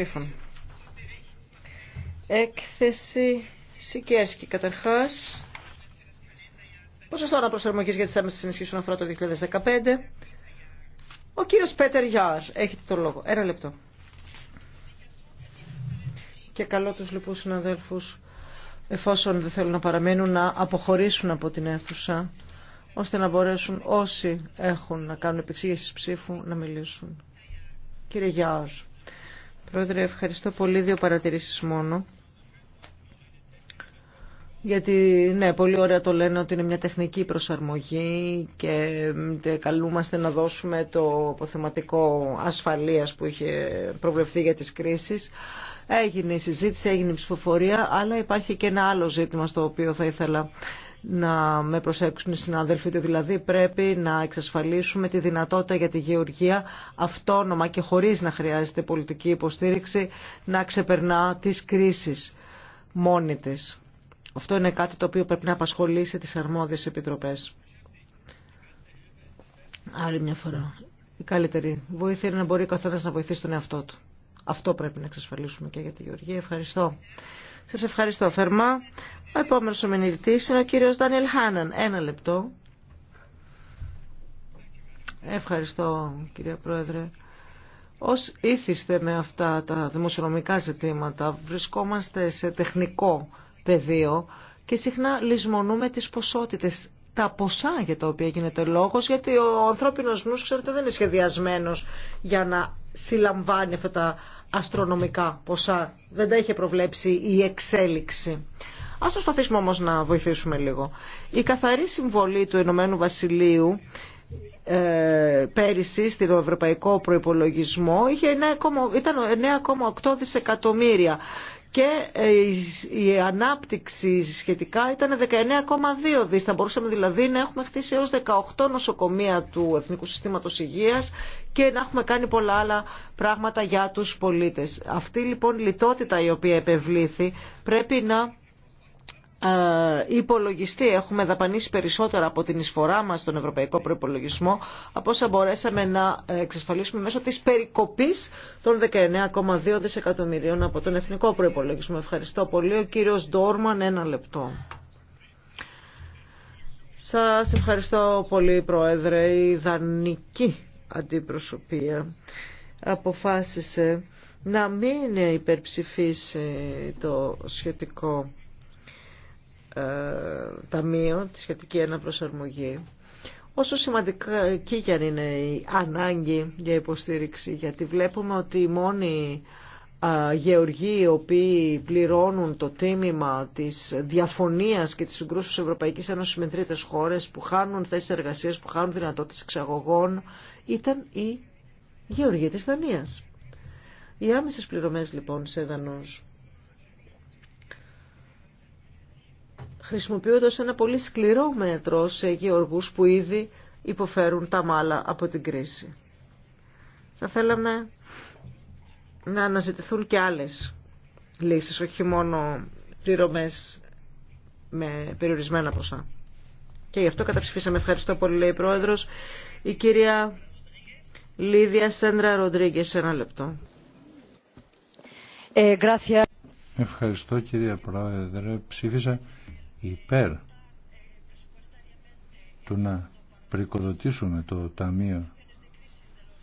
υποψήφων. Έκθεση Σικέρσκη πόσο τώρα προσαρμογή για τις ενισχύσει να αφορά το 2015. Ο κύριο Πέτερ Γιάρ. Έχετε το λόγο. Ένα λεπτό. Και καλώ του λοιπόν συναδέλφου, εφόσον δεν θέλουν να παραμένουν, να αποχωρήσουν από την αίθουσα, ώστε να μπορέσουν όσοι έχουν να κάνουν επεξήγηση ψήφου να μιλήσουν. Κύριε Γιάρ. Πρόεδρε, ευχαριστώ πολύ. Δύο παρατηρήσει μόνο. Γιατί, ναι, πολύ ωραία το λένε ότι είναι μια τεχνική προσαρμογή και ε, καλούμαστε να δώσουμε το αποθεματικό ασφαλείας που είχε προβλεφθεί για τις κρίσεις. Έγινε η συζήτηση, έγινε η ψηφοφορία, αλλά υπάρχει και ένα άλλο ζήτημα στο οποίο θα ήθελα να με προσέξουν οι συνάδελφοι ότι δηλαδή πρέπει να εξασφαλίσουμε τη δυνατότητα για τη γεωργία αυτόνομα και χωρίς να χρειάζεται πολιτική υποστήριξη να ξεπερνά τις κρίσεις μόνη της. Αυτό είναι κάτι το οποίο πρέπει να απασχολήσει τις αρμόδιες επιτροπές. Άλλη μια φορά. Η καλύτερη βοήθεια είναι να μπορεί ο να βοηθήσει τον εαυτό του. Αυτό πρέπει να εξασφαλίσουμε και για τη Γεωργία. Ευχαριστώ. Σα ευχαριστώ θερμά. Ο επόμενο ομιλητή είναι ο κύριος Ντάνιελ Χάναν. Ένα λεπτό. Ευχαριστώ κύριε Πρόεδρε. Ω ήθιστε με αυτά τα δημοσιονομικά ζητήματα βρισκόμαστε σε τεχνικό πεδίο και συχνά λησμονούμε τις ποσότητες τα ποσά για τα οποία γίνεται λόγος, γιατί ο ανθρώπινο νου, ξέρετε, δεν είναι σχεδιασμένο για να συλλαμβάνει αυτά τα αστρονομικά ποσά. Δεν τα είχε προβλέψει η εξέλιξη. Ας προσπαθήσουμε όμως να βοηθήσουμε λίγο. Η καθαρή συμβολή του Ηνωμένου Βασιλείου ε, πέρυσι στην ευρωπαϊκό προϋπολογισμό ήταν 9,8 δισεκατομμύρια και ε, η ανάπτυξη σχετικά ήταν 19,2 δις. Θα μπορούσαμε δηλαδή να έχουμε χτίσει έως 18 νοσοκομεία του Εθνικού Συστήματος Υγείας και να έχουμε κάνει πολλά άλλα πράγματα για τους πολίτες. Αυτή λοιπόν η λιτότητα η οποία επευλήθη πρέπει να υπολογιστή. Έχουμε δαπανίσει περισσότερα από την εισφορά μας στον ευρωπαϊκό προϋπολογισμό από όσα μπορέσαμε να εξασφαλίσουμε μέσω τη περικοπής των 19,2 δισεκατομμυρίων από τον εθνικό προϋπολογισμό. Ευχαριστώ πολύ. Ο κύριο Ντόρμαν, ένα λεπτό. Σας ευχαριστώ πολύ, Πρόεδρε. Η δανική αντιπροσωπεία αποφάσισε να μην υπερψηφίσει το σχετικό ε, ταμείο, τη σχετική αναπροσαρμογή, όσο σημαντική και αν είναι η ανάγκη για υποστήριξη, γιατί βλέπουμε ότι οι μόνοι γεωργοί οι οποίοι πληρώνουν το τίμημα της διαφωνίας και της συγκρούσεως Ευρωπαϊκής Ένωσης με τρίτες χώρες που χάνουν θέσεις εργασίας, που χάνουν δυνατότητες εξαγωγών, ήταν η γεωργοί της Δανίας. Οι άμεσες πληρωμές λοιπόν σε δανούς χρησιμοποιώντας ένα πολύ σκληρό μέτρο σε γεωργούς που ήδη υποφέρουν τα μάλα από την κρίση. Θα θέλαμε να αναζητηθούν και άλλες λύσεις, όχι μόνο πληρωμές με περιορισμένα ποσά. Και γι' αυτό καταψηφίσαμε. Ευχαριστώ πολύ, λέει η Πρόεδρος. Η κυρία Λίδια Σέντρα Ροντρίγκε, ένα λεπτό. Ε, Ευχαριστώ, κυρία Πρόεδρε. Ψήφισα υπέρ του να πρικοδοτήσουμε το Ταμείο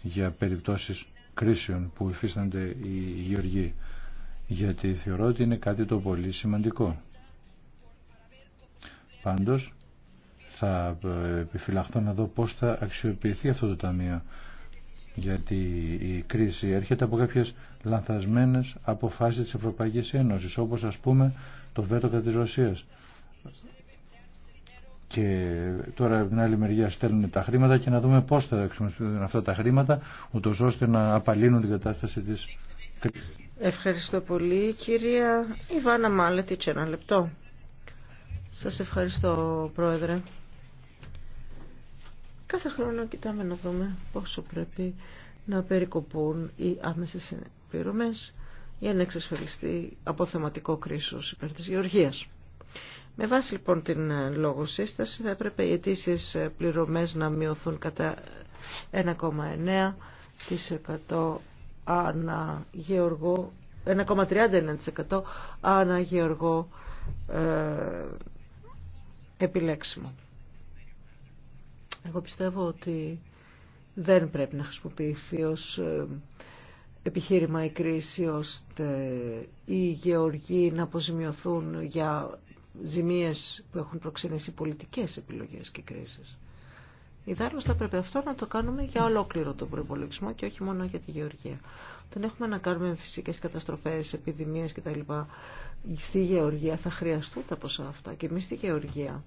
για περιπτώσεις κρίσεων που υφίστανται οι γεωργοί γιατί θεωρώ ότι είναι κάτι το πολύ σημαντικό. Πάντως θα επιφυλαχθώ να δω πώς θα αξιοποιηθεί αυτό το Ταμείο γιατί η κρίση έρχεται από κάποιες λανθασμένες αποφάσεις της Ευρωπαϊκής Ένωσης όπως ας πούμε το βέτο κατά της Ρωσίας και τώρα από την άλλη μεριά στέλνουν τα χρήματα και να δούμε πώς θα χρησιμοποιούν αυτά τα χρήματα ούτως ώστε να απαλύνουν την κατάσταση της κρίσης. Ευχαριστώ πολύ κυρία Ιβάνα Μάλετιτς ένα λεπτό. Σας ευχαριστώ πρόεδρε. Κάθε χρόνο κοιτάμε να δούμε πόσο πρέπει να περικοπούν οι άμεσες πληρωμές για να εξασφαλιστεί αποθεματικό κρίσος υπέρ της γεωργίας. Με βάση λοιπόν την ε, λόγο σύσταση θα έπρεπε οι αιτήσει ε, πληρωμές να μειωθούν κατά 1,9% ανά γεωργό 1,31% ανά γεωργό ε, επιλέξιμο. Εγώ πιστεύω ότι δεν πρέπει να χρησιμοποιηθεί ως επιχείρημα η κρίση ώστε οι γεωργοί να αποζημιωθούν για ζημίες που έχουν προξενήσει πολιτικές επιλογές και κρίσεις. Ιδάλλως θα πρέπει αυτό να το κάνουμε για ολόκληρο τον προπολογισμό και όχι μόνο για τη γεωργία. Όταν έχουμε να κάνουμε φυσικές καταστροφές, επιδημίες κτλ. Στη γεωργία θα χρειαστούν τα ποσά αυτά και εμείς στη γεωργία.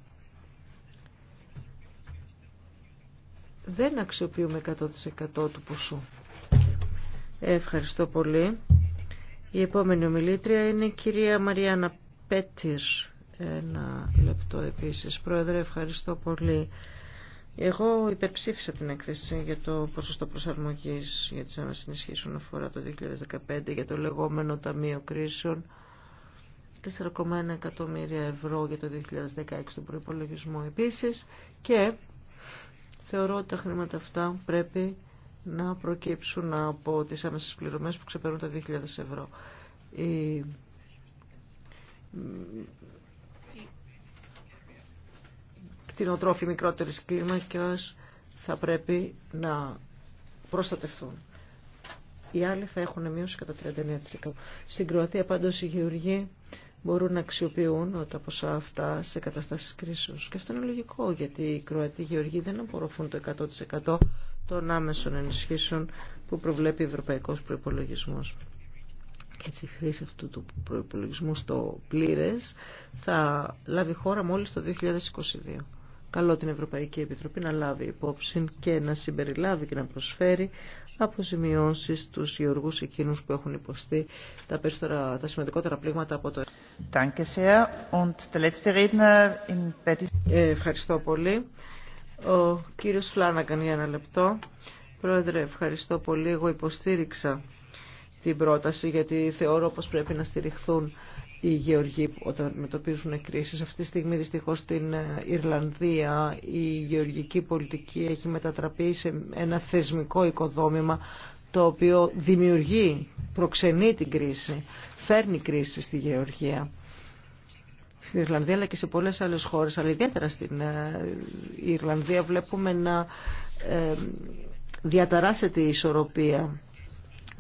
Δεν αξιοποιούμε 100% του ποσού. Ευχαριστώ πολύ. Η επόμενη ομιλήτρια είναι η κυρία Μαριάννα Πέτυρ. Ένα λεπτό επίσης. Πρόεδρε, ευχαριστώ πολύ. Εγώ υπερψήφισα την έκθεση για το ποσοστό προσαρμογής για τις που αφορά το 2015 για το λεγόμενο Ταμείο Κρίσεων. 4,1 εκατομμύρια ευρώ για το 2016 τον προϋπολογισμό επίσης και θεωρώ ότι τα χρήματα αυτά πρέπει να προκύψουν από τις άμεσες πληρωμές που ξεπερνούν τα 2.000 ευρώ. Η κτηνοτρόφοι μικρότερης κλίμακας θα πρέπει να προστατευτούν. Οι άλλοι θα έχουν μείωση κατά 39%. Στην Κροατία πάντως οι γεωργοί μπορούν να αξιοποιούν τα ποσά αυτά σε καταστάσεις κρίσεως. Και αυτό είναι λογικό γιατί οι Κροατοί γεωργοί δεν απορροφούν το 100% των άμεσων ενισχύσεων που προβλέπει ο Ευρωπαϊκός Προϋπολογισμός. Και έτσι η χρήση αυτού του προϋπολογισμού στο πλήρες θα λάβει χώρα μόλις το 2022 καλό την Ευρωπαϊκή Επιτροπή να λάβει υπόψη και να συμπεριλάβει και να προσφέρει αποζημιώσει στου γεωργού εκείνου που έχουν υποστεί τα, περισσότερα, τα σημαντικότερα πλήγματα από το. Ε, ευχαριστώ πολύ. Ο κύριος Φλάνακαν για ένα λεπτό. Πρόεδρε, ευχαριστώ πολύ. Εγώ υποστήριξα την πρόταση γιατί θεωρώ πως πρέπει να στηριχθούν οι γεωργοί όταν αντιμετωπίζουν κρίσεις. Αυτή τη στιγμή δυστυχώ στην ε, Ιρλανδία η γεωργική πολιτική έχει μετατραπεί σε ένα θεσμικό οικοδόμημα το οποίο δημιουργεί, προξενεί την κρίση, φέρνει κρίση στη γεωργία. Στην Ιρλανδία αλλά και σε πολλές άλλες χώρες, αλλά ιδιαίτερα στην ε, Ιρλανδία βλέπουμε να ε, διαταράσσεται η ισορροπία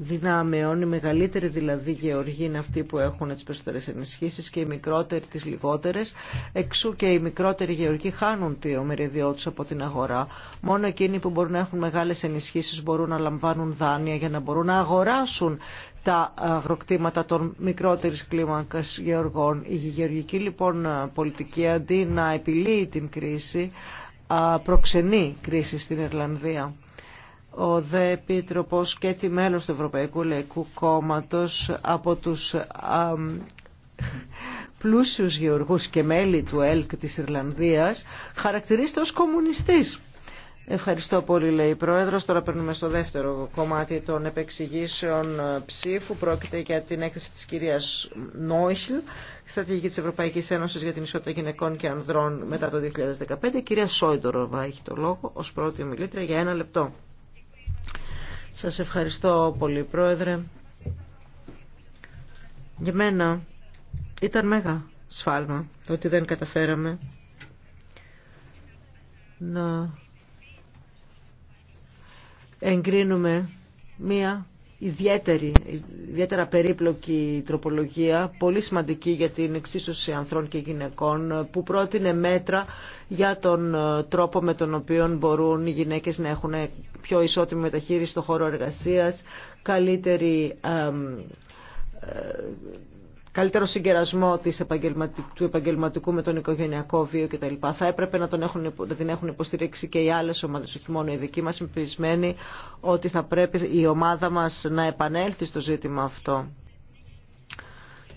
δυνάμεων, οι μεγαλύτεροι δηλαδή γεωργοί είναι αυτοί που έχουν τις περισσότερες ενισχύσεις και οι μικρότεροι τις λιγότερες, εξού και οι μικρότεροι γεωργοί χάνουν το μεριδιό τους από την αγορά. Μόνο εκείνοι που μπορούν να έχουν μεγάλες ενισχύσεις μπορούν να λαμβάνουν δάνεια για να μπορούν να αγοράσουν τα αγροκτήματα των μικρότερης κλίμακας γεωργών. Η γεωργική λοιπόν πολιτική αντί να επιλύει την κρίση προξενεί κρίση στην Ιρλανδία ο ΔΕ Επίτροπος και τη μέλος του Ευρωπαϊκού Λαϊκού Κόμματος από τους α, πλούσιους γεωργούς και μέλη του ΕΛΚ της Ιρλανδίας χαρακτηρίζεται ως κομμουνιστής. Ευχαριστώ πολύ, λέει η Πρόεδρο. Τώρα περνούμε στο δεύτερο κομμάτι των επεξηγήσεων ψήφου. Πρόκειται για την έκθεση τη κυρία Νόισλ, στρατηγική τη Ευρωπαϊκή Ένωση για την ισότητα γυναικών και ανδρών μετά το 2015. Η κυρία Σόιντοροβα έχει το λόγο ω πρώτη ομιλήτρια για ένα λεπτό. Σας ευχαριστώ πολύ, Πρόεδρε. Για μένα ήταν μέγα σφάλμα το ότι δεν καταφέραμε να εγκρίνουμε μία ιδιαίτερη, ιδιαίτερα περίπλοκη τροπολογία, πολύ σημαντική για την εξίσωση ανθρώπων και γυναικών, που πρότεινε μέτρα για τον ε, τρόπο με τον οποίο μπορούν οι γυναίκες να έχουν ε, πιο ισότιμη μεταχείριση στο χώρο εργασίας, καλύτερη ε, καλύτερο συγκερασμό της του επαγγελματικού με τον οικογενειακό βίο κτλ. Θα έπρεπε να, τον έχουν, να την έχουν υποστηρίξει και οι άλλες ομάδες, όχι μόνο οι δικοί μας, είμαι ότι θα πρέπει η ομάδα μας να επανέλθει στο ζήτημα αυτό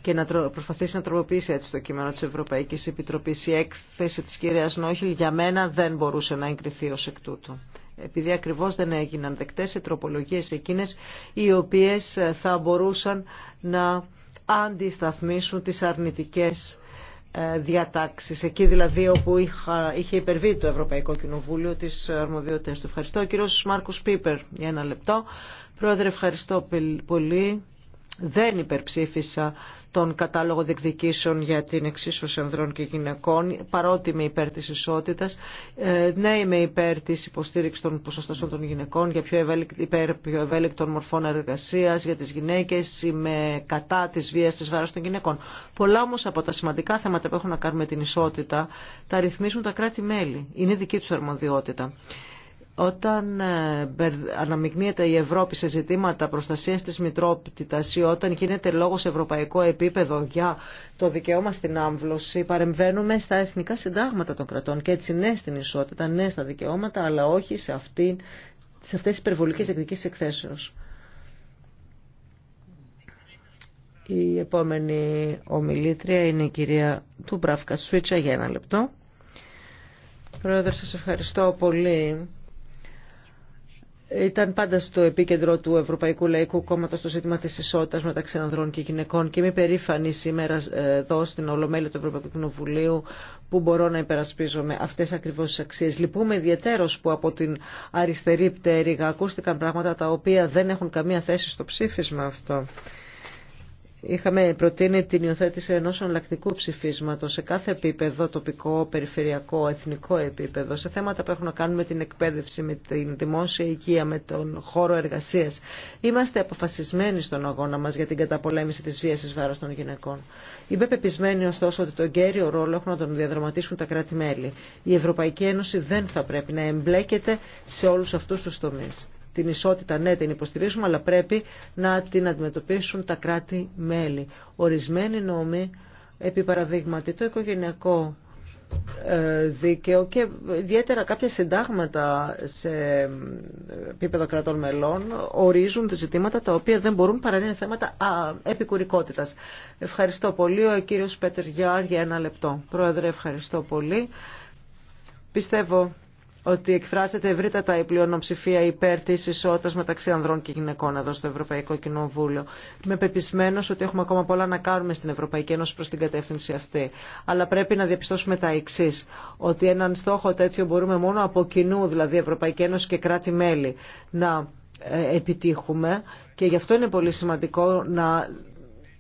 και να προσπαθήσει να τροποποιήσει έτσι το κείμενο της Ευρωπαϊκής Επιτροπής. Η έκθεση της κυρίας Νόχιλ για μένα δεν μπορούσε να εγκριθεί ως εκ τούτου. Επειδή ακριβώς δεν έγιναν δεκτές οι τροπολογίες εκείνες οι οποίες θα μπορούσαν να αντισταθμίσουν τις αρνητικές ε, διατάξεις. Εκεί δηλαδή όπου είχε υπερβεί το Ευρωπαϊκό Κοινοβούλιο τις αρμοδιότητες του. Ευχαριστώ. Ο κύριος Μάρκος Πίπερ για ένα λεπτό. Πρόεδρε, ευχαριστώ πολύ δεν υπερψήφισα τον κατάλογο διεκδικήσεων για την εξίσωση ανδρών και γυναικών, παρότι είμαι υπέρ της ισότητας. Ε, ναι, είμαι υπέρ της υποστήριξης των ποσοστώσεων των γυναικών, για πιο ευέλικ, υπέρ πιο ευέλικτων μορφών εργασίας, για τις γυναίκες, είμαι κατά της βίας της βάρος των γυναικών. Πολλά όμως από τα σημαντικά θέματα που έχουν να κάνουν με την ισότητα, τα ρυθμίζουν τα κράτη-μέλη. Είναι δική τους αρμοδιότητα όταν ε, αναμειγνύεται η Ευρώπη σε ζητήματα προστασίας της μητρότητας ή όταν γίνεται λόγος σε ευρωπαϊκό επίπεδο για το δικαίωμα στην άμβλωση, παρεμβαίνουμε στα εθνικά συντάγματα των κρατών και έτσι ναι στην ισότητα, ναι στα δικαιώματα, αλλά όχι σε, αυτή, σε αυτές τις υπερβολικές εκδικήσεις εκθέσεως. Η επόμενη ομιλήτρια είναι η κυρία Τουμπράφκα Σουίτσα για ένα λεπτό. Πρόεδρε, σας ευχαριστώ πολύ ήταν πάντα στο επίκεντρο του Ευρωπαϊκού Λαϊκού Κόμματος το ζήτημα της ισότητα μεταξύ ανδρών και γυναικών και είμαι περήφανη σήμερα ε, εδώ στην Ολομέλεια του Ευρωπαϊκού Κοινοβουλίου που μπορώ να υπερασπίζομαι αυτές ακριβώς τις αξίες. Λυπούμε ιδιαίτερω που από την αριστερή πτέρυγα ακούστηκαν πράγματα τα οποία δεν έχουν καμία θέση στο ψήφισμα αυτό. Είχαμε προτείνει την υιοθέτηση ενό εναλλακτικού ψηφίσματο σε κάθε επίπεδο, τοπικό, περιφερειακό, εθνικό επίπεδο, σε θέματα που έχουν να κάνουν με την εκπαίδευση, με την δημόσια οικία, με τον χώρο εργασία. Είμαστε αποφασισμένοι στον αγώνα μα για την καταπολέμηση τη βία ει βάρος των γυναικών. Είμαι πεπισμένη ωστόσο ότι τον κέριο ρόλο έχουν να τον διαδραματίσουν τα κράτη-μέλη. Η Ευρωπαϊκή Ένωση δεν θα πρέπει να εμπλέκεται σε όλου αυτού του τομεί την ισότητα, ναι, την υποστηρίζουμε, αλλά πρέπει να την αντιμετωπίσουν τα κράτη-μέλη. Ορισμένοι νόμοι, επί παραδείγματι, το οικογενειακό ε, δίκαιο και ιδιαίτερα κάποια συντάγματα σε ε, επίπεδο κρατών μελών ορίζουν ζητήματα τα οποία δεν μπορούν παρά είναι θέματα α, επικουρικότητας. Ευχαριστώ πολύ. Ο κύριος Πέτερ Γιάρ για ένα λεπτό. Πρόεδρε, ευχαριστώ πολύ. Πιστεύω ότι εκφράζεται ευρύτατα η πλειονοψηφία υπέρ τη ισότητα μεταξύ ανδρών και γυναικών εδώ στο Ευρωπαϊκό Κοινοβούλιο. Είμαι πεπισμένο ότι έχουμε ακόμα πολλά να κάνουμε στην Ευρωπαϊκή Ένωση προ την κατεύθυνση αυτή. Αλλά πρέπει να διαπιστώσουμε τα εξή. Ότι έναν στόχο τέτοιο μπορούμε μόνο από κοινού, δηλαδή Ευρωπαϊκή Ένωση και κράτη-μέλη, να ε, επιτύχουμε. Και γι' αυτό είναι πολύ σημαντικό να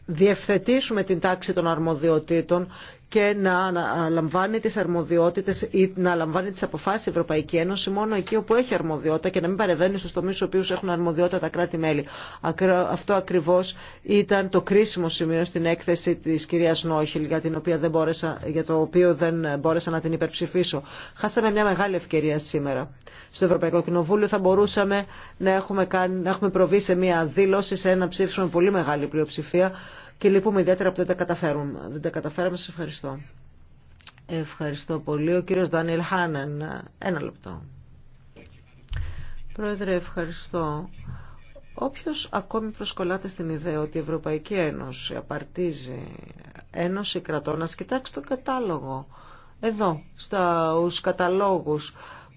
διευθετήσουμε την τάξη των αρμοδιοτήτων και να λαμβάνει τις αρμοδιότητες ή να λαμβάνει τις αποφάσεις η Ευρωπαϊκή Ένωση μόνο εκεί όπου έχει αρμοδιότητα και να μην παρεβαίνει στους τομείς στους οποίους έχουν αρμοδιότητα τα κράτη-μέλη. Αυτό ακριβώς ήταν το κρίσιμο σημείο στην έκθεση της κυρίας Νόχιλ για, την οποία δεν μπόρεσα, για το οποίο δεν μπόρεσα να την υπερψηφίσω. Χάσαμε μια μεγάλη ευκαιρία σήμερα. Στο Ευρωπαϊκό Κοινοβούλιο θα μπορούσαμε να έχουμε, κάνει, να έχουμε προβεί σε μια δήλωση, σε ένα ψήφισμα με πολύ μεγάλη πλειοψηφία και λυπούμε ιδιαίτερα που δεν τα καταφέρουμε. Δεν τα καταφέραμε, σα ευχαριστώ. Ευχαριστώ πολύ. Ο κύριος Δανίλ Χάνεν, ένα λεπτό. Πρόεδρε, ευχαριστώ. Όποιος ακόμη προσκολάται στην ιδέα ότι η Ευρωπαϊκή Ένωση απαρτίζει Ένωση κρατών, να κοιτάξει τον κατάλογο. Εδώ, στους καταλόγους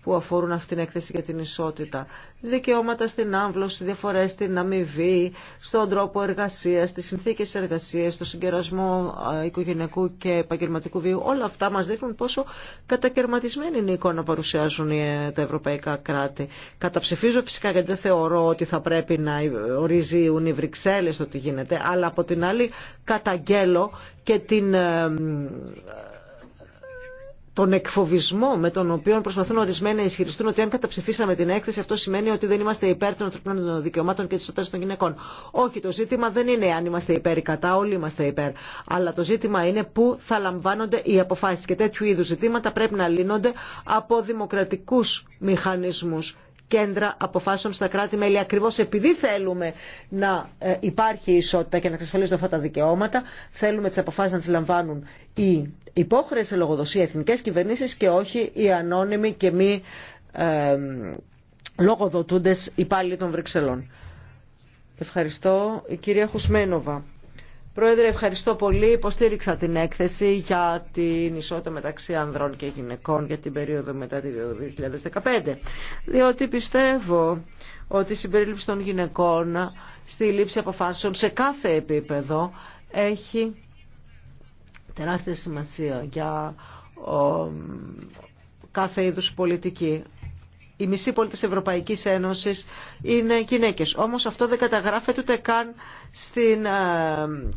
που αφορούν αυτήν την έκθεση για την ισότητα. Δικαιώματα στην άμβλωση, διαφορέ στην αμοιβή, στον τρόπο εργασία, στι συνθήκε εργασία, στο συγκερασμό οικογενειακού και επαγγελματικού βίου. Όλα αυτά μα δείχνουν πόσο κατακαιρματισμένη είναι η εικόνα που παρουσιάζουν ε, τα ευρωπαϊκά κράτη. Καταψηφίζω φυσικά γιατί δεν θεωρώ ότι θα πρέπει να ορίζουν οι Βρυξέλλε το τι γίνεται, αλλά από την άλλη καταγγέλλω και την ε, τον εκφοβισμό με τον οποίο προσπαθούν ορισμένοι να ισχυριστούν ότι αν καταψηφίσαμε την έκθεση αυτό σημαίνει ότι δεν είμαστε υπέρ των ανθρωπίνων δικαιωμάτων και τη ισότητα των γυναικών. Όχι, το ζήτημα δεν είναι αν είμαστε υπέρ ή κατά, όλοι είμαστε υπέρ. Αλλά το ζήτημα είναι πού θα λαμβάνονται οι αποφάσει. Και τέτοιου είδου ζητήματα πρέπει να λύνονται από δημοκρατικού μηχανισμού κέντρα αποφάσεων στα κράτη-μέλη. Ακριβώ επειδή θέλουμε να ε, υπάρχει ισότητα και να εξασφαλίζονται αυτά τα δικαιώματα, θέλουμε τι αποφάσει να τι λαμβάνουν οι υπόχρεε σε λογοδοσία εθνικέ κυβερνήσει και όχι οι ανώνυμοι και μη ε, λογοδοτούντε υπάλληλοι των Βρυξελών. Ευχαριστώ. Η κυρία Χουσμένοβα. Πρόεδρε, ευχαριστώ πολύ. Υποστήριξα την έκθεση για την ισότητα μεταξύ ανδρών και γυναικών για την περίοδο μετά το 2015. Διότι πιστεύω ότι η συμπερίληψη των γυναικών στη λήψη αποφάσεων σε κάθε επίπεδο έχει τεράστια σημασία για κάθε είδους πολιτική οι μισοί πολίτες Ευρωπαϊκής Ένωσης είναι γυναίκες. Όμως αυτό δεν καταγράφεται ούτε καν στην ε,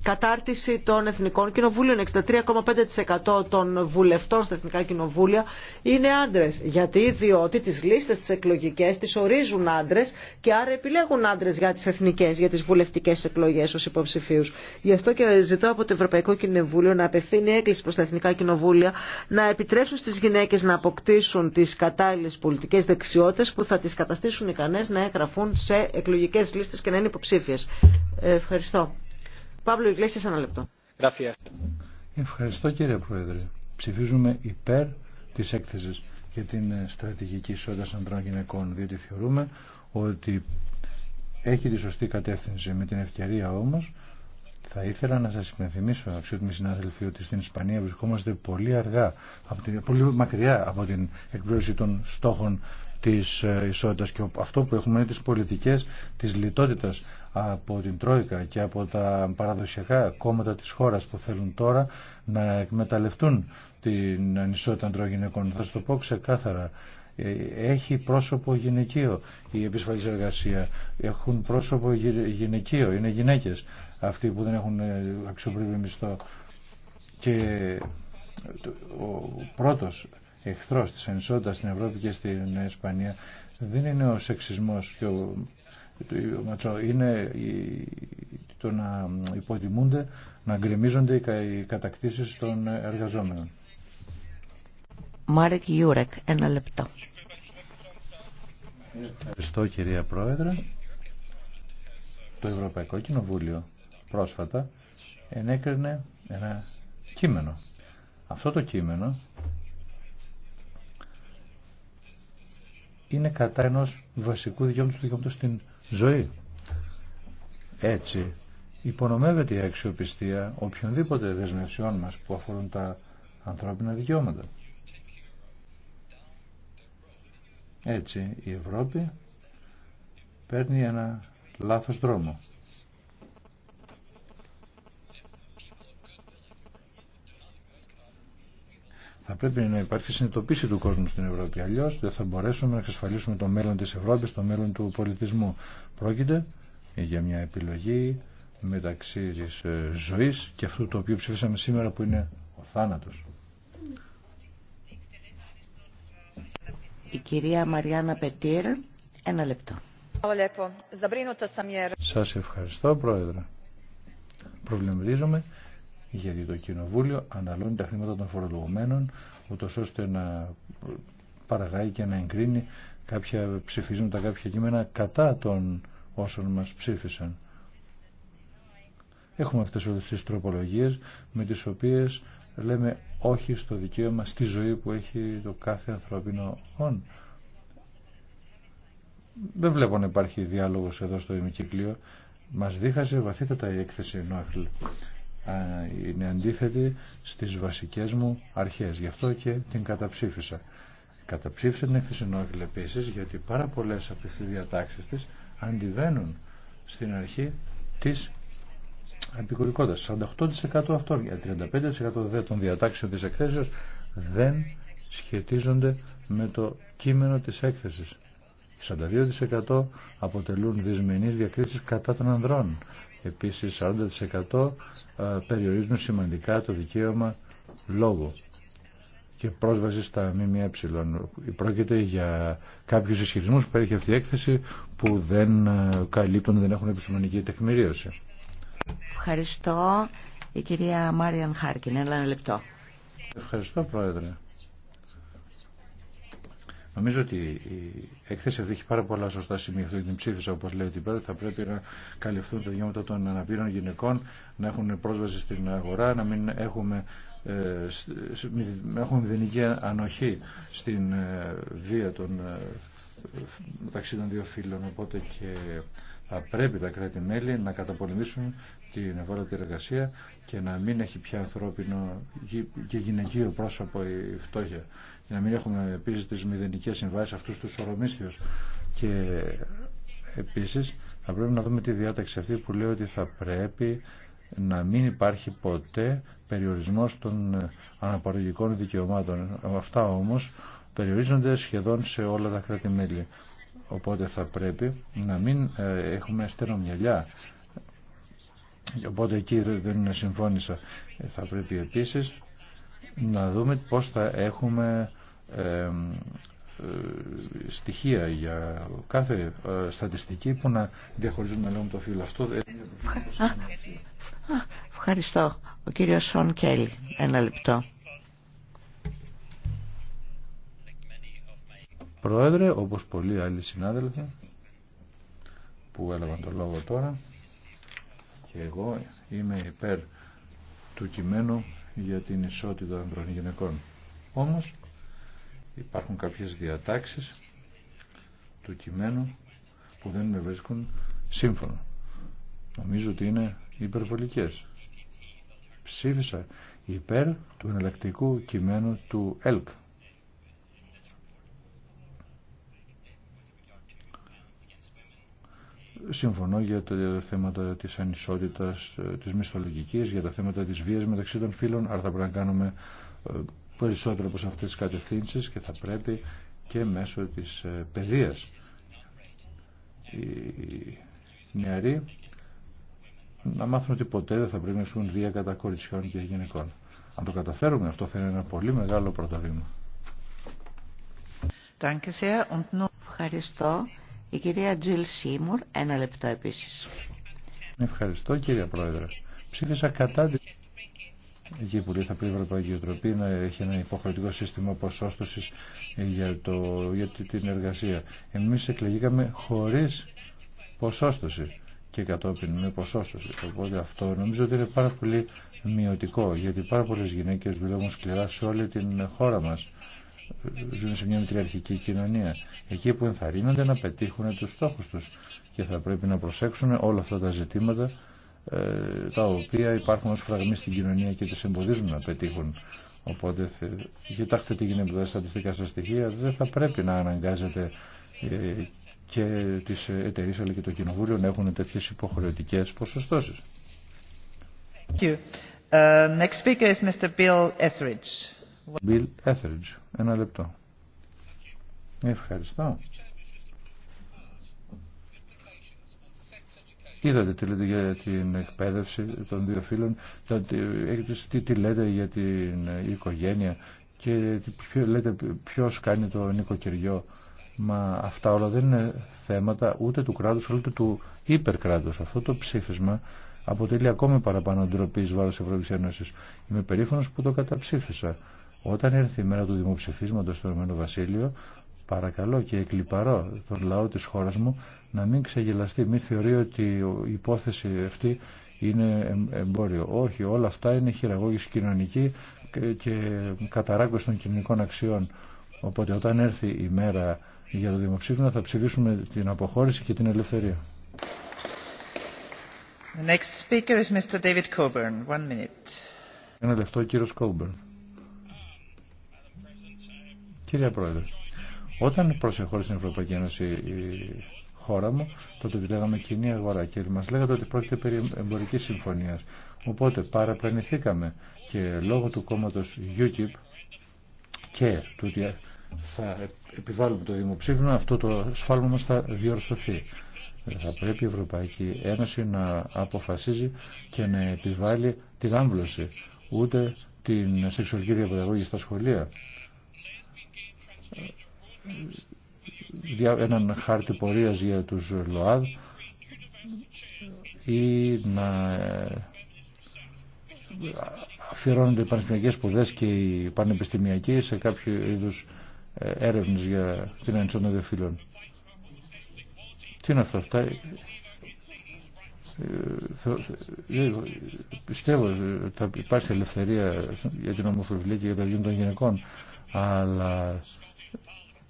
κατάρτιση των Εθνικών Κοινοβούλιων. 63,5% των βουλευτών στα Εθνικά Κοινοβούλια είναι άντρες. Γιατί, διότι τις λίστες τις εκλογικές τις ορίζουν άντρες και άρα επιλέγουν άντρες για τις εθνικές, για τις βουλευτικές εκλογές ως υποψηφίους. Γι' αυτό και ζητώ από το Ευρωπαϊκό Κοινοβούλιο να απευθύνει έκκληση προς τα Εθνικά Κοινοβούλια να επιτρέψουν στις γυναίκες να αποκτήσουν τις κατάλληλες πολιτικές που θα τις καταστήσουν ικανές να εγγραφούν σε εκλογικές λίστες και να είναι υποψήφιες. Ε, ευχαριστώ. Παύλο Ιγκλέσιας, ένα λεπτό. Ευχαριστώ κύριε Πρόεδρε. Ψηφίζουμε υπέρ της έκθεσης για την στρατηγική ισότητα ανδρών γυναικών, διότι θεωρούμε ότι έχει τη σωστή κατεύθυνση με την ευκαιρία όμως θα ήθελα να σας υπενθυμίσω, αξιότιμοι συνάδελφοι, ότι στην Ισπανία βρισκόμαστε πολύ αργά, από την, πολύ μακριά από την εκπλήρωση των στόχων της ε, ισότητας και αυτό που έχουμε είναι τις πολιτικές της λιτότητας από την Τρόικα και από τα παραδοσιακά κόμματα της χώρας που θέλουν τώρα να εκμεταλλευτούν την ανισότητα ανδρογυναικών. Θα σας το πω ξεκάθαρα έχει πρόσωπο γυναικείο η επισφαλής εργασία. Έχουν πρόσωπο γυναικείο, είναι γυναίκες αυτοί που δεν έχουν ε, αξιοπρεπή μισθό. Και ο πρώτος εχθρός της ενισότητας στην Ευρώπη και στην Ισπανία δεν είναι ο σεξισμός και ο είναι το να υποτιμούνται, να γκρεμίζονται οι κατακτήσεις των εργαζόμενων. Μάρικ Γιούρεκ, ένα λεπτό. Ευχαριστώ κυρία Πρόεδρε. Το Ευρωπαϊκό Κοινοβούλιο πρόσφατα ενέκρινε ένα κείμενο. Αυτό το κείμενο είναι κατά ενός βασικού δικαιώματος του δικαιώματος στην ζωή. Έτσι υπονομεύεται η αξιοπιστία οποιονδήποτε δεσμευσιών μας που αφορούν τα ανθρώπινα δικαιώματα. Έτσι η Ευρώπη παίρνει ένα λάθος δρόμο. Θα πρέπει να υπάρχει συνειδητοποίηση του κόσμου στην Ευρώπη. Αλλιώ δεν θα μπορέσουμε να εξασφαλίσουμε το μέλλον τη Ευρώπη, το μέλλον του πολιτισμού. Πρόκειται για μια επιλογή μεταξύ τη ε, ζωή και αυτού το οποίο ψηφίσαμε σήμερα που είναι ο θάνατος. Η κυρία Μαριάννα Πετήρ, ένα λεπτό. Σας ευχαριστώ, Πρόεδρε. Προβληματίζομαι γιατί το Κοινοβούλιο αναλώνει τα χρήματα των φορολογουμένων ούτω ώστε να παραγάγει και να εγκρίνει κάποια τα κάποια κείμενα κατά των όσων μας ψήφισαν. Έχουμε αυτές όλες τις τροπολογίες με τις οποίες λέμε όχι στο δικαίωμα στη ζωή που έχει το κάθε ανθρωπίνο όν. Δεν βλέπω να υπάρχει διάλογος εδώ στο ημικύκλιο. Μας δίχασε βαθύτατα η έκθεση Νόχλ. Είναι αντίθετη στις βασικές μου αρχές. Γι' αυτό και την καταψήφισα. Καταψήφισα την έκθεση Νόχλ επίσης γιατί πάρα πολλές από τις διατάξεις της αντιβαίνουν στην αρχή της επικουρικότητας. 48% αυτών, 35% των διατάξεων της εκθέσεως δεν σχετίζονται με το κείμενο της έκθεσης. 42% αποτελούν δυσμενείς διακρίσεις κατά των ανδρών. Επίσης 40% περιορίζουν σημαντικά το δικαίωμα λόγου και πρόσβαση στα ΜΜΕ. Πρόκειται για κάποιου ισχυρισμού που έρχεται η έκθεση που δεν καλύπτουν, δεν έχουν επιστημονική τεκμηρίωση. Ευχαριστώ. Η κυρία Μάριαν Χάρκιν, ένα λεπτό. Ευχαριστώ, Πρόεδρε. Νομίζω ότι η έκθεση αυτή έχει πάρα πολλά σωστά σημεία. Αυτή την ψήφισα, όπω λέει την Πρόεδρε, θα πρέπει να καλυφθούν τα δικαιώματα των αναπήρων γυναικών, να έχουν πρόσβαση στην αγορά, να μην έχουμε ε, έχουμε μηδενική ανοχή στην ε, βία των ε, μεταξύ των δύο φίλων οπότε και θα πρέπει τα κράτη-μέλη να καταπολεμήσουν την ευάλωτη εργασία και να μην έχει πια ανθρώπινο και γυναικείο πρόσωπο η φτώχεια. για να μην έχουμε επίσης τις μηδενικές συμβάσεις αυτούς τους ορομίσθιους. Και επίσης θα πρέπει να δούμε τη διάταξη αυτή που λέει ότι θα πρέπει να μην υπάρχει ποτέ περιορισμός των αναπαραγωγικών δικαιωμάτων. Αυτά όμως περιορίζονται σχεδόν σε όλα τα κράτη-μέλη. Οπότε θα πρέπει να μην ε, έχουμε αστερομυαλιά. Οπότε εκεί δεν συμφώνησα. Ε, θα πρέπει επίσης να δούμε πώς θα έχουμε ε, στοιχεία για κάθε στατιστική που να διαχωρίζουμε με το φύλλο. Αυτό Ευχαριστώ. Ο κύριος Σον Κέλλη. Ένα λεπτό. Πρόεδρε, όπως πολλοί άλλοι συνάδελφοι που έλαβαν το λόγο τώρα και εγώ είμαι υπέρ του κειμένου για την ισότητα ανδρών γυναικών. Όμως υπάρχουν κάποιες διατάξεις του κειμένου που δεν με βρίσκουν σύμφωνο. Νομίζω ότι είναι υπερβολικές. Ψήφισα υπέρ του εναλλακτικού κειμένου του ΕΛΚ Συμφωνώ για τα θέματα τη ανισότητα, ε, τη μισθολογική, για τα θέματα τη βία μεταξύ των φίλων, αλλά θα πρέπει να κάνουμε ε, περισσότερο από αυτέ τι κατευθύνσει και θα πρέπει και μέσω τη ε, παιδεία. οι νεαροί να μάθουν ότι ποτέ δεν θα πρέπει να έχουν βία κατά κοριτσιών και γυναικών. Αν το καταφέρουμε αυτό θα είναι ένα πολύ μεγάλο πρωτοβήμα. Ευχαριστώ. Η κυρία Τζιλ Σίμουρ, ένα λεπτό επίσης. Ευχαριστώ κύριε Πρόεδρε. Ψήφισα κατά τη Εκεί που λέει θα πει η Ευρωπαϊκή να έχει ένα υποχρεωτικό σύστημα ποσόστοσης για, το, για την εργασία. Εμείς εκλεγήκαμε χωρίς ποσόστοση και κατόπιν με ποσόστοση. Οπότε αυτό νομίζω ότι είναι πάρα πολύ μειωτικό γιατί πάρα πολλές γυναίκες δουλεύουν σκληρά σε όλη την χώρα μας ζουν σε μια μητριαρχική κοινωνία. Εκεί που ενθαρρύνονται να πετύχουν τους στόχους τους και θα πρέπει να προσέξουν όλα αυτά τα ζητήματα ε, τα οποία υπάρχουν ως φραγμή στην κοινωνία και τις εμποδίζουν να πετύχουν. Οπότε κοιτάξτε τι γίνεται με τα στατιστικά σας στοιχεία. Δεν θα πρέπει να αναγκάζεται ε, και τις εταιρείε αλλά και το κοινοβούλιο να έχουν τέτοιες υποχρεωτικές ποσοστώσεις. Thank you. Uh, next speaker is Mr. Bill Bill Etheridge, ένα λεπτό. Ευχαριστώ. Είδατε τι λέτε για την εκπαίδευση των δύο φίλων, τι, τι λέτε για την ε, οικογένεια και τι λέτε ποιος κάνει το νοικοκυριό. Μα αυτά όλα δεν είναι θέματα ούτε του κράτους, ούτε του υπερκράτους. Αυτό το ψήφισμα αποτελεί ακόμη παραπάνω ντροπή βάρος Ευρωπαϊκής Ένωσης. Είμαι περήφανος που το καταψήφισα. Όταν έρθει η μέρα του δημοψηφίσματος στο Ηνωμένο Βασίλειο, παρακαλώ και εκλυπαρώ τον λαό της χώρας μου να μην ξεγελαστεί, μην θεωρεί ότι η υπόθεση αυτή είναι εμπόριο. Όχι, όλα αυτά είναι χειραγώγηση κοινωνική και καταράγκωση των κοινωνικών αξιών. Οπότε όταν έρθει η μέρα για το δημοψήφισμα θα ψηφίσουμε την αποχώρηση και την ελευθερία. Ένα λεπτό, κύριο Κόμπερν. Κύριε Πρόεδρε, όταν προσεχώρησε στην Ευρωπαϊκή Ένωση η χώρα μου, τότε τη λέγαμε κοινή αγορά και μα λέγατε ότι πρόκειται περί εμπορική συμφωνία. Οπότε παραπλανηθήκαμε και λόγω του κόμματο UKIP και του ότι θα επιβάλλουμε το δημοψήφισμα, αυτό το σφάλμα μα θα διορθωθεί. Θα πρέπει η Ευρωπαϊκή Ένωση να αποφασίζει και να επιβάλλει την άμβλωση, ούτε την σεξουαλική διαπαιδαγώγηση στα σχολεία έναν χάρτη πορείας για τους ΛΟΑΔ ή να ε, αφιερώνονται οι πανεπιστημιακές σπουδέ και οι πανεπιστημιακοί σε κάποιο είδους ε, έρευνες για την ανισότητα των φύλων. Τι είναι αυτά, αυτά ε, πιστεύω ότι υπάρχει ελευθερία για την ομοφιλία και για τα δύο των γυναικών αλλά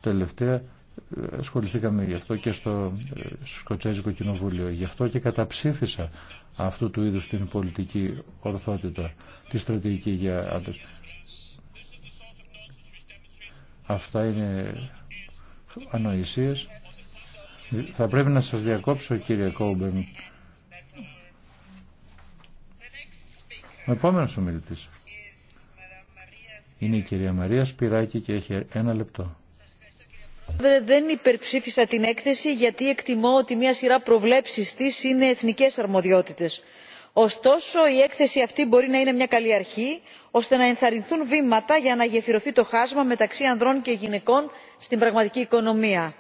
τελευταία ε, ασχοληθήκαμε γι' αυτό και στο ε, Σκοτσέζικο Κοινοβούλιο. Γι' αυτό και καταψήφισα αυτού του είδους την πολιτική ορθότητα, τη στρατηγική για άντρες. Αυτά είναι ανοησίες. Θα πρέπει να σας διακόψω κύριε Κόμπεν. Ο επόμενος ομιλητής είναι η κυρία Μαρία Σπυράκη και έχει ένα λεπτό. Δεν υπερψήφισα την έκθεση γιατί εκτιμώ ότι μια σειρά προβλέψεις της είναι εθνικές αρμοδιότητες. Ωστόσο, η έκθεση αυτή μπορεί να είναι μια καλή αρχή ώστε να ενθαρρυνθούν βήματα για να γεφυρωθεί το χάσμα μεταξύ ανδρών και γυναικών στην πραγματική οικονομία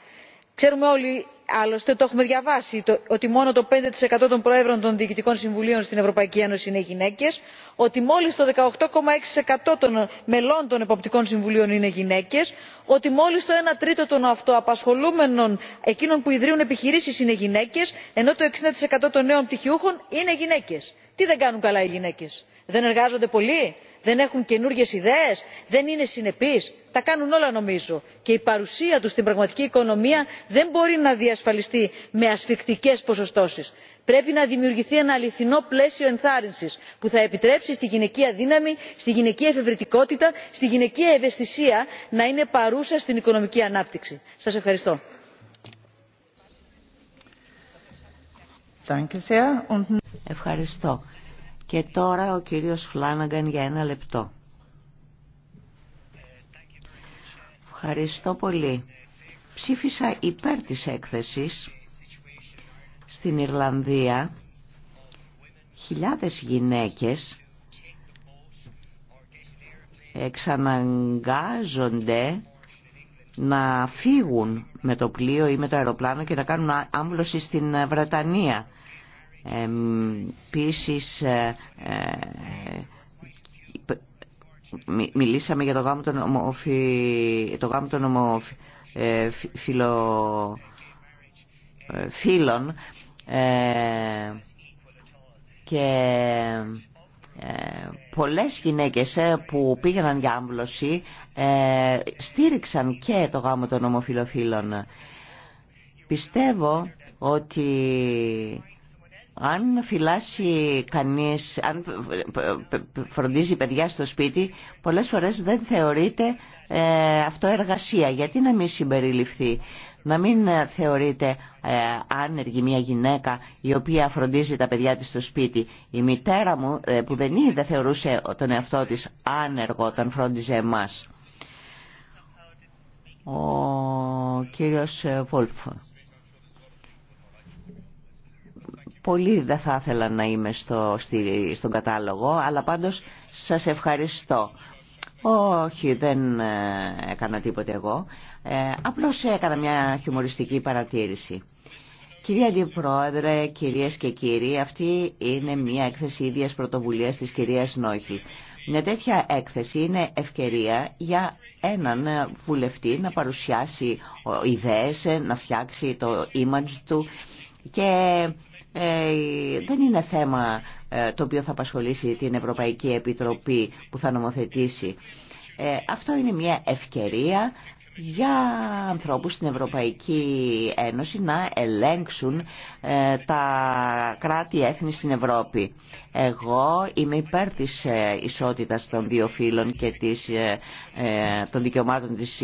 ξέρουμε όλοι άλλωστε το έχουμε διαβάσει ότι μόνο το πέντε των προέδρων των διοικητικών συμβουλίων στην ευρωπαϊκή ένωση είναι γυναίκες ότι μόλις το 18,6% των μελών των εποπτικών συμβουλίων είναι γυναίκες ότι μόλις το ένα τρίτο των αυτοαπασχολούμενων εκείνων που ιδρύουν επιχειρήσεις είναι γυναίκες ενώ το 60% των νέων πτυχιούχων είναι γυναίκες. τι δεν κάνουν καλά οι γυναίκες; δεν εργάζονται πολύ; δεν έχουν καινούριε ιδέες; δεν είναι συνεπείς; τα κάνουν όλα νομίζω και η παρουσία τους στην πραγματική οικονομία δεν μπορεί να διασφαλιστεί με ασφικτικές ποσοστώσεις. πρέπει να δημιουργηθεί ένα αληθινό πλαίσιο ενθάρρυνσης που θα επιτρέψει στη γυναικεία δύναμη στη γυναικεία εφευρετικότητα στη γυναικεία ευαισθησία να είναι παρούσα στην οικονομική ανάπτυξη. σας ευχαριστώ. Ευχαριστώ. Και τώρα ο κύριος Φλάνναγκαν για ένα λεπτό. Ευχαριστώ πολύ. Ψήφισα υπέρ της έκθεσης στην Ιρλανδία χιλιάδες γυναίκες εξαναγκάζονται να φύγουν με το πλοίο ή με το αεροπλάνο και να κάνουν άμβλωση στην Βρετανία. Ε, ε, μιλήσαμε για το γάμο των ομοφι... το ε, ε, ε, και ε, πολλές γυναίκες που πήγαιναν για άμβλωση στήριξαν και το γάμο των ομοφιλοφίλων. Πιστεύω ότι αν φυλάσει κανείς, αν φροντίζει παιδιά στο σπίτι, πολλές φορές δεν θεωρείται ε, αυτό εργασία. Γιατί να μην συμπεριληφθεί, να μην ε, θεωρείται ε, άνεργη μια γυναίκα η οποία φροντίζει τα παιδιά της στο σπίτι. Η μητέρα μου ε, που δεν είδε θεωρούσε τον εαυτό της άνεργο όταν φρόντιζε εμάς. Ο κύριος Βόλφ. Πολύ δεν θα ήθελα να είμαι στο, στον κατάλογο, αλλά πάντως σας ευχαριστώ. Όχι, δεν ε, έκανα τίποτε εγώ. Ε, απλώς έκανα μια χιουμοριστική παρατήρηση. Κυρία Αντιπρόεδρε, κυρίες και κύριοι, αυτή είναι μια έκθεση ίδιας πρωτοβουλίας της κυρίας Νόχη. Μια τέτοια έκθεση είναι ευκαιρία για έναν βουλευτή να παρουσιάσει ιδέες, να φτιάξει το image του και ε, δεν είναι θέμα ε, το οποίο θα απασχολήσει την Ευρωπαϊκή Επιτροπή που θα νομοθετήσει. Ε, αυτό είναι μια ευκαιρία για ανθρώπους στην Ευρωπαϊκή Ένωση να ελέγξουν τα κράτη-έθνη στην Ευρώπη. Εγώ είμαι υπέρ της ισότητας των δύο φύλων και της, των δικαιωμάτων της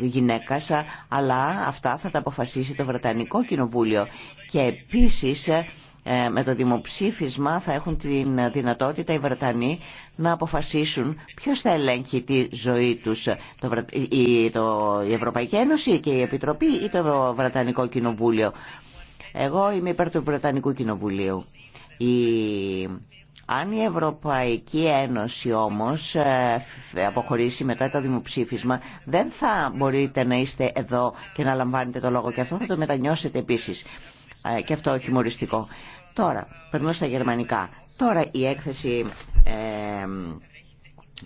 γυναίκας, αλλά αυτά θα τα αποφασίσει το Βρετανικό Κοινοβούλιο και επίσης ε, ε, με το δημοψήφισμα θα έχουν την δυνατότητα οι Βρετανοί να αποφασίσουν ποιος θα ελέγχει τη ζωή τους, το, η, Ευρωπαϊκή Ένωση και η Επιτροπή ή το Βρετανικό Κοινοβούλιο. Εγώ είμαι υπέρ του Βρετανικού Κοινοβουλίου. Η... Αν η Ευρωπαϊκή Ένωση όμως ε, αποχωρήσει μετά το δημοψήφισμα, δεν θα μπορείτε να είστε εδώ και να λαμβάνετε το λόγο και αυτό θα το μετανιώσετε επίσης. Ε, και αυτό χιουμοριστικό. Τώρα, περνώ στα γερμανικά. Τώρα η έκθεση ε,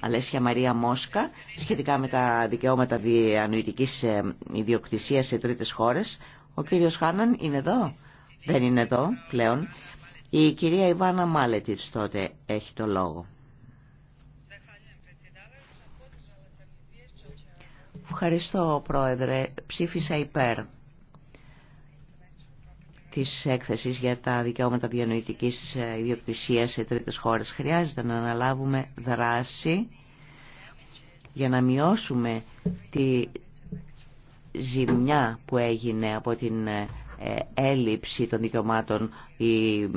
Αλέσια Μαρία Μόσκα σχετικά με τα δικαιώματα διανοητικής ε, ιδιοκτησίας σε τρίτες χώρες. Ο κύριος Χάναν είναι εδώ. Δεν είναι εδώ πλέον. Η κυρία Ιβάνα Μάλετιτς τότε έχει το λόγο. Ευχαριστώ, Πρόεδρε. Ψήφισα υπέρ της έκθεσης για τα δικαιώματα διανοητικής ε, ιδιοκτησίας σε τρίτες χώρες. Χρειάζεται να αναλάβουμε δράση για να μειώσουμε τη ζημιά που έγινε από την ε, ε, έλλειψη των δικαιωμάτων. Οι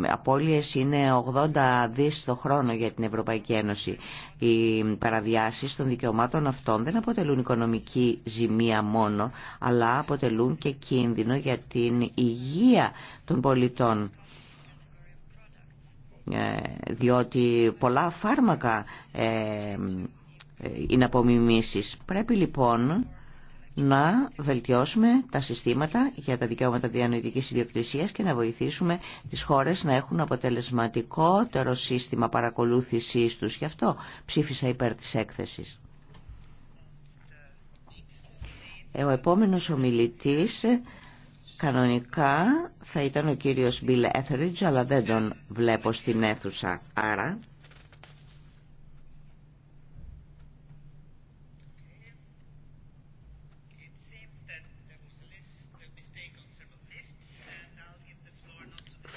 απώλειες είναι 80 δις το χρόνο για την Ευρωπαϊκή Ένωση. Οι παραβιάσεις των δικαιωμάτων αυτών δεν αποτελούν οικονομική ζημία μόνο, αλλά αποτελούν και κίνδυνο για την υγεία των πολιτών ε, διότι πολλά φάρμακα ε, είναι απομιμήσεις. Πρέπει λοιπόν να βελτιώσουμε τα συστήματα για τα δικαιώματα διανοητικής ιδιοκτησίας και να βοηθήσουμε τις χώρες να έχουν αποτελεσματικότερο σύστημα παρακολούθησής τους. Γι' αυτό ψήφισα υπέρ της έκθεσης. Ο επόμενος ομιλητής κανονικά θα ήταν ο κύριος Μπίλ Έθριτζ, αλλά δεν τον βλέπω στην αίθουσα. Άρα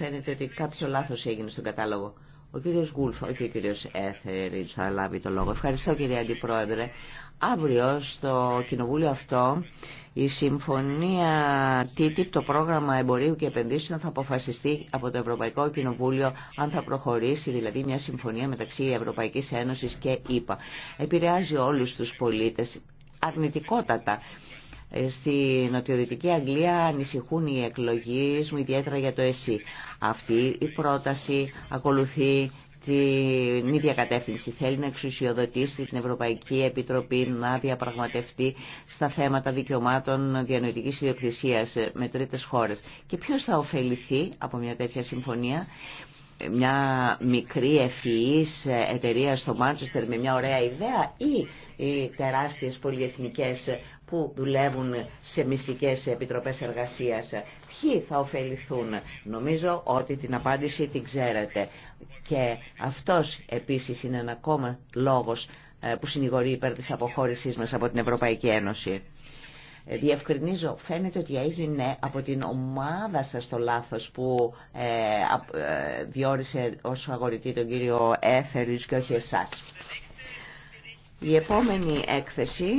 φαίνεται ότι κάποιο λάθος έγινε στον κατάλογο. Ο κύριος Γουλφ ή ο κυρίος Έθερις θα είναι λάθη το λόγο. Φαίνεται σοκηριακή πρόταση. Αύριο στο κοινοβούλιο αυτό όχι ο κύριος Έθεριτς θα λάβει το λόγο. Ευχαριστώ κύριε Αντιπρόεδρε. Αύριο στο κοινοβούλιο αυτό η συμφωνία TTIP, το πρόγραμμα εμπορίου και επενδύσεων, θα αποφασιστεί από το Ευρωπαϊκό Κοινοβούλιο αν θα προχωρήσει δηλαδή μια συμφωνία μεταξύ Ευρωπαϊκής Ένωσης και ΕΠΑ. Επηρεάζει όλους τους πολίτες αρνητικότατα. Στη νοτιοδυτική Αγγλία ανησυχούν οι εκλογείς μου ιδιαίτερα για το ΕΣΥ. Αυτή η πρόταση ακολουθεί την ίδια κατεύθυνση. Θέλει να εξουσιοδοτήσει την Ευρωπαϊκή Επιτροπή να διαπραγματευτεί στα θέματα δικαιωμάτων διανοητικής ιδιοκτησίας με τρίτες χώρες. Και ποιος θα ωφεληθεί από μια τέτοια συμφωνία μια μικρή ευφυής εταιρεία στο Μάντσεστερ με μια ωραία ιδέα ή οι τεράστιες πολυεθνικές που δουλεύουν σε μυστικές επιτροπές εργασίας. Ποιοι θα ωφεληθούν. Νομίζω ότι την απάντηση την ξέρετε. Και αυτός επίσης είναι ένα ακόμα λόγος ε, που συνηγορεί υπέρ της αποχώρησής μας από την Ευρωπαϊκή Ένωση. Ε, διευκρινίζω, φαίνεται ότι έγινε από την ομάδα σας το λάθος που ε, ε, διόρισε ως αγορητή τον κύριο Έθερης και όχι εσάς. Η επόμενη έκθεση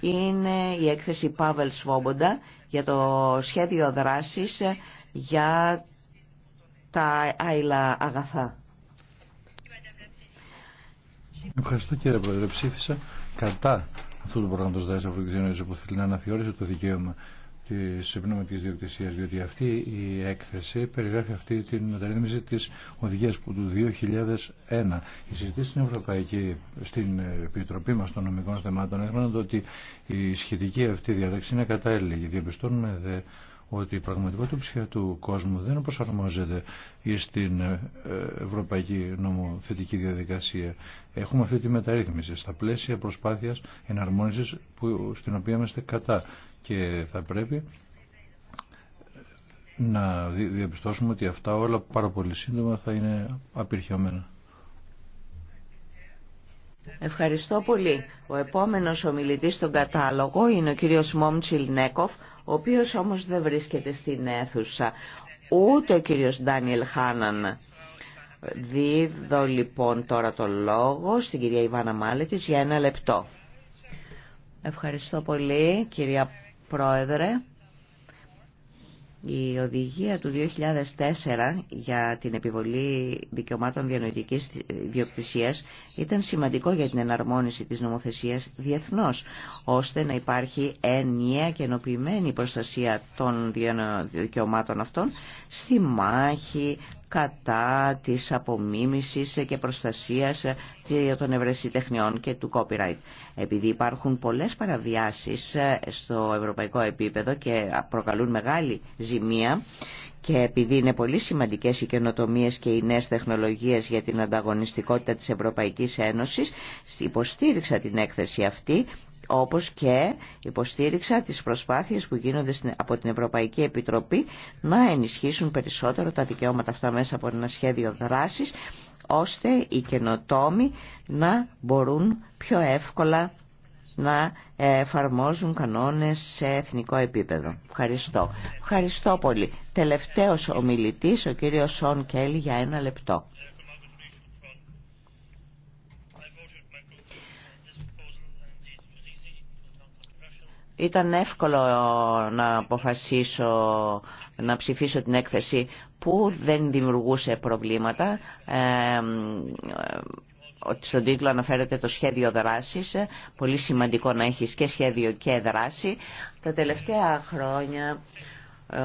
είναι η έκθεση Πάβελ Σβόμποντα για το σχέδιο δράσης για τα άϊλα αγαθά. Ευχαριστώ κύριε Πρόεδρε. Ψήφισα κατά αυτού του προγράμματο δράση Αφρική που θέλει να αναθεώρησε το δικαίωμα τη πνευματική διοκτησία, διότι αυτή η έκθεση περιγράφει αυτή την μεταρρύθμιση τη οδηγία του 2001. Οι συζητήσει στην Ευρωπαϊκή, στην Επιτροπή μα των Νομικών Θεμάτων, έδειχναν ότι η σχετική αυτή διάταξη είναι κατάλληλη. Διαπιστώνουμε δε ότι η πραγματικότητα ψυχία του κόσμου δεν προσαρμόζεται στην ε, ευρωπαϊκή νομοθετική διαδικασία. Έχουμε αυτή τη μεταρρύθμιση στα πλαίσια προσπάθειας εναρμόνισης που, στην οποία είμαστε κατά και θα πρέπει να διαπιστώσουμε ότι αυτά όλα πάρα πολύ σύντομα θα είναι απειρχιωμένα. Ευχαριστώ πολύ. Ο επόμενος ομιλητής στον κατάλογο είναι ο κύριος Μόμτσιλ Νέκοφ, ο οποίος όμως δεν βρίσκεται στην αίθουσα, ούτε ο κύριος Ντάνιελ Χάναν. Δίδω λοιπόν τώρα το λόγο στην κυρία Ιβάνα Μάλετης για ένα λεπτό. Ευχαριστώ πολύ κυρία Πρόεδρε. Η οδηγία του 2004 για την επιβολή δικαιωμάτων διανοητικής διοκτησίας ήταν σημαντικό για την εναρμόνιση της νομοθεσίας διεθνώς, ώστε να υπάρχει ενιαία και ενοποιημένη προστασία των δικαιωμάτων αυτών στη μάχη, κατά της απομίμησης και προστασίας των ευρεσιτεχνιών και του copyright. Επειδή υπάρχουν πολλές παραβιάσεις ε, στο ευρωπαϊκό επίπεδο και προκαλούν μεγάλη ζημία και επειδή είναι πολύ σημαντικές οι καινοτομίες και οι νέες τεχνολογίες για την ανταγωνιστικότητα της Ευρωπαϊκής Ένωσης, υποστήριξα την έκθεση αυτή όπως και υποστήριξα τις προσπάθειες που γίνονται από την Ευρωπαϊκή Επιτροπή να ενισχύσουν περισσότερο τα δικαιώματα αυτά μέσα από ένα σχέδιο δράσης ώστε οι καινοτόμοι να μπορούν πιο εύκολα να εφαρμόζουν κανόνες σε εθνικό επίπεδο. Ευχαριστώ. Ευχαριστώ πολύ. Τελευταίος ομιλητής, ο κύριος Σον Κέλλη, για ένα λεπτό. Ήταν εύκολο να αποφασίσω να ψηφίσω την έκθεση που δεν δημιουργούσε προβλήματα. Ε, στον τίτλο αναφέρεται το σχέδιο δράσης. Πολύ σημαντικό να έχεις και σχέδιο και δράση. Τα τελευταία χρόνια ε,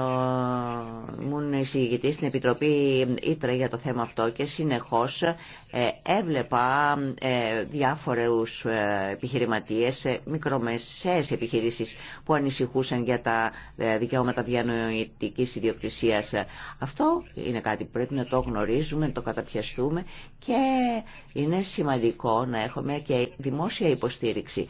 στην Επιτροπή Ήτρα για το θέμα αυτό και συνεχώς ε, έβλεπα ε, διάφορους ε, επιχειρηματίες, μικρομεσαίες επιχειρήσεις που ανησυχούσαν για τα δικαιώματα διανοητικής ιδιοκτησίας. Αυτό είναι κάτι που πρέπει να το γνωρίζουμε, να το καταπιαστούμε και είναι σημαντικό να έχουμε και δημόσια υποστήριξη.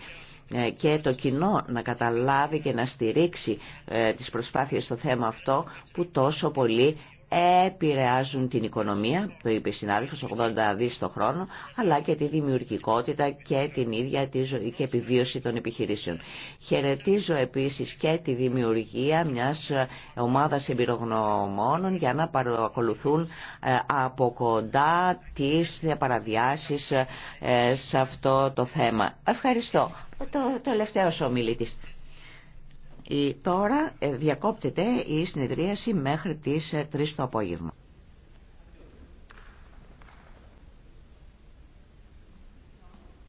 Ε, και το κοινό να καταλάβει και να στηρίξει ε, τις προσπάθειες στο θέμα αυτό που τόσο πολύ επηρεάζουν την οικονομία, το είπε η συνάδελφος, 80 δις το χρόνο, αλλά και τη δημιουργικότητα και την ίδια τη ζωή και επιβίωση των επιχειρήσεων. Χαιρετίζω επίσης και τη δημιουργία μιας ε, ομάδας εμπειρογνωμόνων για να παρακολουθούν ε, από κοντά τις παραβιάσεις ε, σε αυτό το θέμα. Ευχαριστώ. Το τελευταίο ομιλητής. Τώρα ε, διακόπτεται η συνεδρίαση μέχρι τις 3 ε, το απόγευμα.